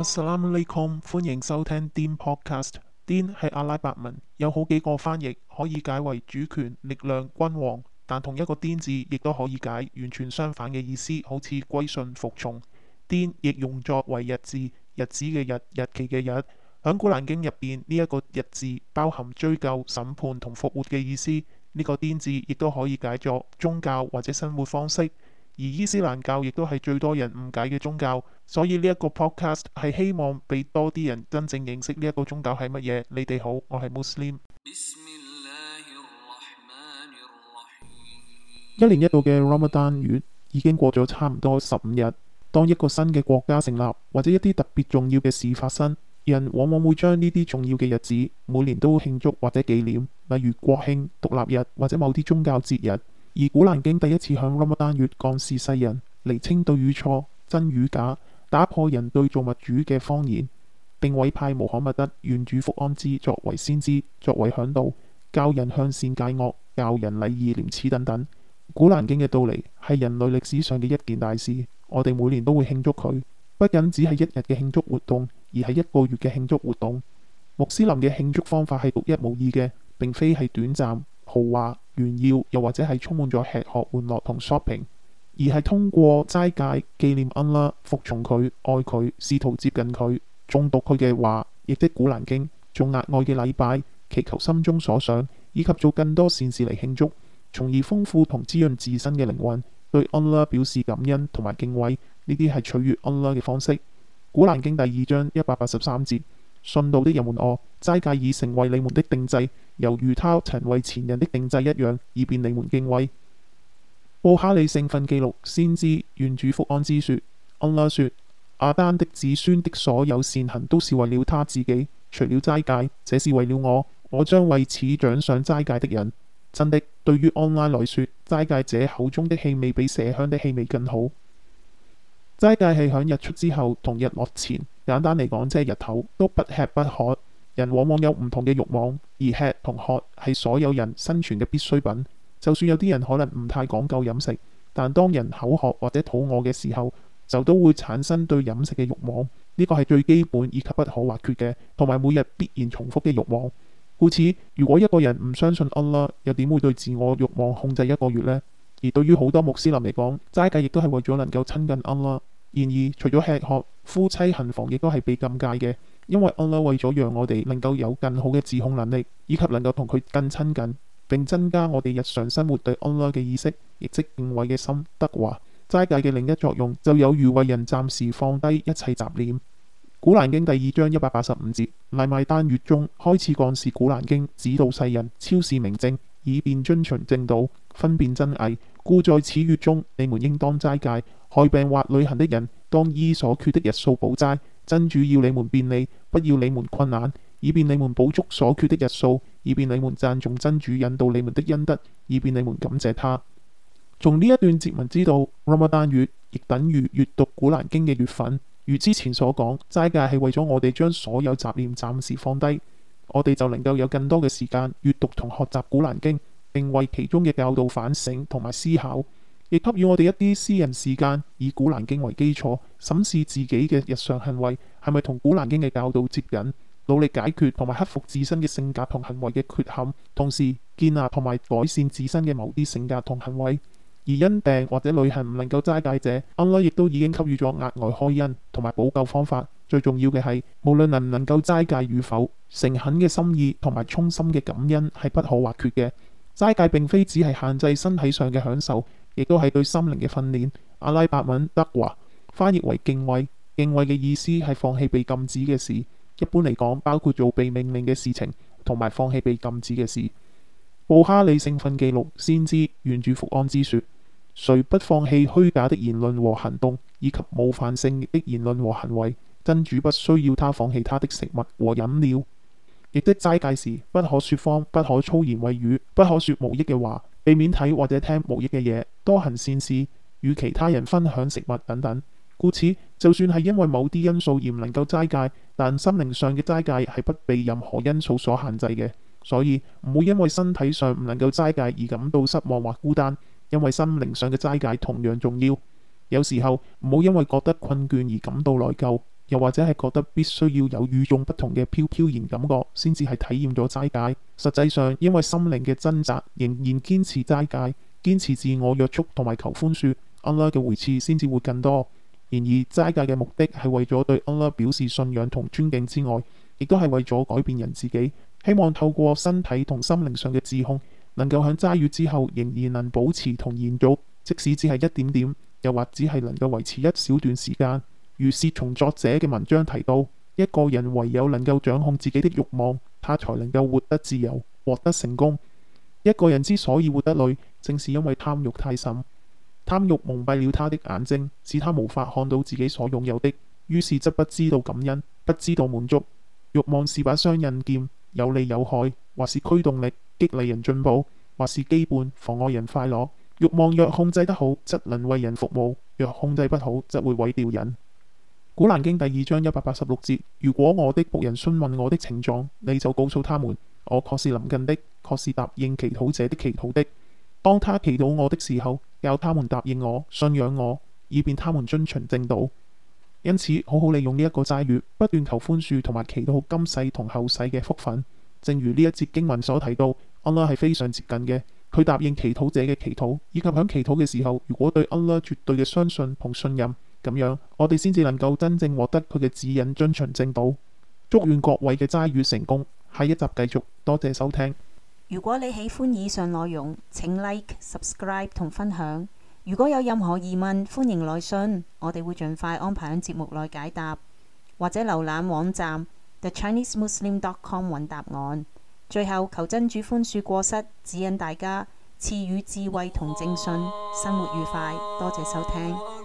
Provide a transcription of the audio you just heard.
Assalamualaikum，歡迎收聽 Dian Podcast。Dian 係阿拉伯文，有好幾個翻譯，可以解為主權、力量、君王，但同一個 Dian 字亦都可以解完全相反嘅意思，好似歸順、服從。Dian 亦用作為日字，日子嘅日、日期嘅日。喺古蘭經入邊，呢一個日字包含追究、審判同復活嘅意思。呢個 Dian 字亦都可以解作宗教或者生活方式。而伊斯蘭教亦都係最多人誤解嘅宗教，所以呢一個 podcast 係希望俾多啲人真正認識呢一個宗教係乜嘢。你哋好，我係穆斯林。 一年一度嘅 Ramadan 月已經過咗差唔多十五日。當一個新嘅國家成立或者一啲特別重要嘅事發生，人往往會將呢啲重要嘅日子每年都慶祝或者紀念，例如國慶、獨立日或者某啲宗教節日。而古蘭經第一次向賴買丹月降示世人，釐清對與錯、真與假，打破人對造物主嘅謊言，並委派穆罕默德願主福安之作為先知，作為嚮導，教人向善戒惡，教人禮義廉恥等等。古蘭經嘅到嚟係人類歷史上嘅一件大事，我哋每年都會慶祝佢，不僅只係一日嘅慶祝活動，而係一個月嘅慶祝活動。穆斯林嘅慶祝方法係獨一無二嘅，並非係短暫豪華。炫耀，又或者係充滿咗吃喝玩樂同 shopping，而係通過齋戒、紀念安拉、服從佢、愛佢、試圖接近佢、誦讀佢嘅話，亦即古蘭經做額外嘅禮拜、祈求心中所想，以及做更多善事嚟慶祝，從而豐富同滋潤自身嘅靈魂，對安拉表示感恩同埋敬畏，呢啲係取悅安拉嘅方式。古蘭經第二章一百八十三節。信道的人們哦，齋戒已成為你們的定制，猶如他曾為前人的定制一樣，以便你們敬畏。布哈里聖訓記錄先知願主福安之説：安拉説，亞丹的子孫的所有善行都是為了他自己，除了齋戒，這是為了我，我將為此獎賞齋戒的人。真的，對於安拉來說，齋戒者口中的氣味比麝香的氣味更好。齋戒係響日出之後同日落前。簡單嚟講，即係日頭都不吃不喝。人往往有唔同嘅欲望，而吃同喝係所有人生存嘅必需品。就算有啲人可能唔太講究飲食，但當人口渴或者肚餓嘅時候，就都會產生對飲食嘅欲望。呢個係最基本以及不可或缺嘅，同埋每日必然重複嘅欲望。故此，如果一個人唔相信安拉，又點會對自我欲望控制一個月呢？而對於好多穆斯林嚟講，齋戒亦都係為咗能夠親近安拉。然而，除咗吃喝，夫妻行房亦都係被禁戒嘅，因為安拉為咗讓我哋能夠有更好嘅自控能力，以及能夠同佢更親近，並增加我哋日常生活對安拉嘅意識，亦即敬畏嘅心得。話齋戒嘅另一作用，就有如為人暫時放低一切雜念。古蘭經第二章一百八十五節：賴買丹月中開始降示古蘭經，指導世人昭示明證，以便遵循正道，分辨真偽。故在此月中，你們應當齋戒。害病或旅行的人，當依所缺的日數補齋。真主要你們便利，不要你們困難，以便你們補足所缺的日數，以便你們讚頌真主引導你們的恩德，以便你們感謝他。從呢一段節文知道，Ramadan 月亦等於閲讀古蘭經嘅月份。如之前所講，齋戒係為咗我哋將所有雜念暫時放低，我哋就能夠有更多嘅時間閲讀同學習古蘭經，並為其中嘅教導反省同埋思考。亦給予我哋一啲私人時間，以《古蘭經》為基礎，審視自己嘅日常行為係咪同《古蘭經》嘅教導接近，努力解決同埋克服自身嘅性格同行為嘅缺陷，同時建立同埋改善自身嘅某啲性格同行為。而因病或者旅行唔能夠齋戒者，安拉亦都已經給予咗額外開恩同埋補救方法。最重要嘅係，無論能唔能夠齋戒與否，誠懇嘅心意同埋衷心嘅感恩係不可或缺嘅。齋戒並非只係限制身體上嘅享受。亦都係對心靈嘅訓練。阿拉伯文德華翻譯為敬畏，敬畏嘅意思係放棄被禁止嘅事。一般嚟講，包括做被命令嘅事情同埋放棄被禁止嘅事。布哈里聖訓記錄先知願主福安之説：誰不放棄虛假的言論和行動，以及冒犯性的言論和行為，真主不需要他放棄他的食物和飲料。亦的齋戒時，不可説謊，不可粗言穢語，不可説無益嘅話。避免睇或者聽無益嘅嘢，多行善事，與其他人分享食物等等。故此，就算係因為某啲因素而唔能夠齋戒，但心靈上嘅齋戒係不被任何因素所限制嘅。所以，唔好因為身體上唔能夠齋戒而感到失望或孤單，因為心靈上嘅齋戒同樣重要。有時候，唔好因為覺得困倦而感到內疚。又或者係覺得必須要有與眾不同嘅飄飄然感覺，先至係體驗咗齋戒。實際上，因為心靈嘅掙扎，仍然堅持齋戒，堅持自我約束同埋求寬恕，阿拉嘅回賜先至會更多。然而，齋戒嘅目的係為咗對阿拉表示信仰同尊敬之外，亦都係為咗改變人自己，希望透過身體同心靈上嘅自控，能夠喺齋月之後仍然能保持同延續，即使只係一點點，又或者只係能夠維持一小段時間。如是從作者嘅文章提到，一個人唯有能夠掌控自己的慾望，他才能夠活得自由，獲得成功。一個人之所以活得累，正是因為貪慾太深，貪慾蒙蔽了他的眼睛，使他無法看到自己所擁有的，於是則不知道感恩，不知道滿足。慾望是把雙刃劍，有利有害，或是驅動力，激勵人進步，或是羈絆，妨礙人快樂。慾望若控制得好，則能為人服務；若控制不好，則會毀掉人。古蘭經第二章一百八十六節：「如果我的僕人詢問我的情狀，你就告訴他們，我確是臨近的，確是答應祈禱者的祈禱的。當他祈禱我的時候，教他們答應我、信仰我，以便他們遵循正道。因此，好好利用呢一個齋月，不斷求寬恕同埋祈禱今世同後世嘅福分。」正如呢一節經文所提到，安拉係非常接近嘅，佢答應祈禱者嘅祈禱，以及響祈禱嘅時候，如果對安拉絕對嘅相信同信任。咁樣，我哋先至能夠真正獲得佢嘅指引，遵循正道。祝願各位嘅齋語成功。下一集繼續，多謝收聽。如果你喜歡以上內容，請 Like、Subscribe 同分享。如果有任何疑問，歡迎來信，我哋會盡快安排喺節目內解答，或者瀏覽網站 TheChineseMuslim.com 搵答案。最後，求真主寬恕過失，指引大家賜予智慧同正信，生活愉快。多謝收聽。